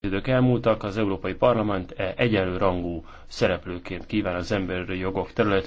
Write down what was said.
idők elmúltak, az Európai Parlament e egyenlő rangú szereplőként kíván az emberi jogok területén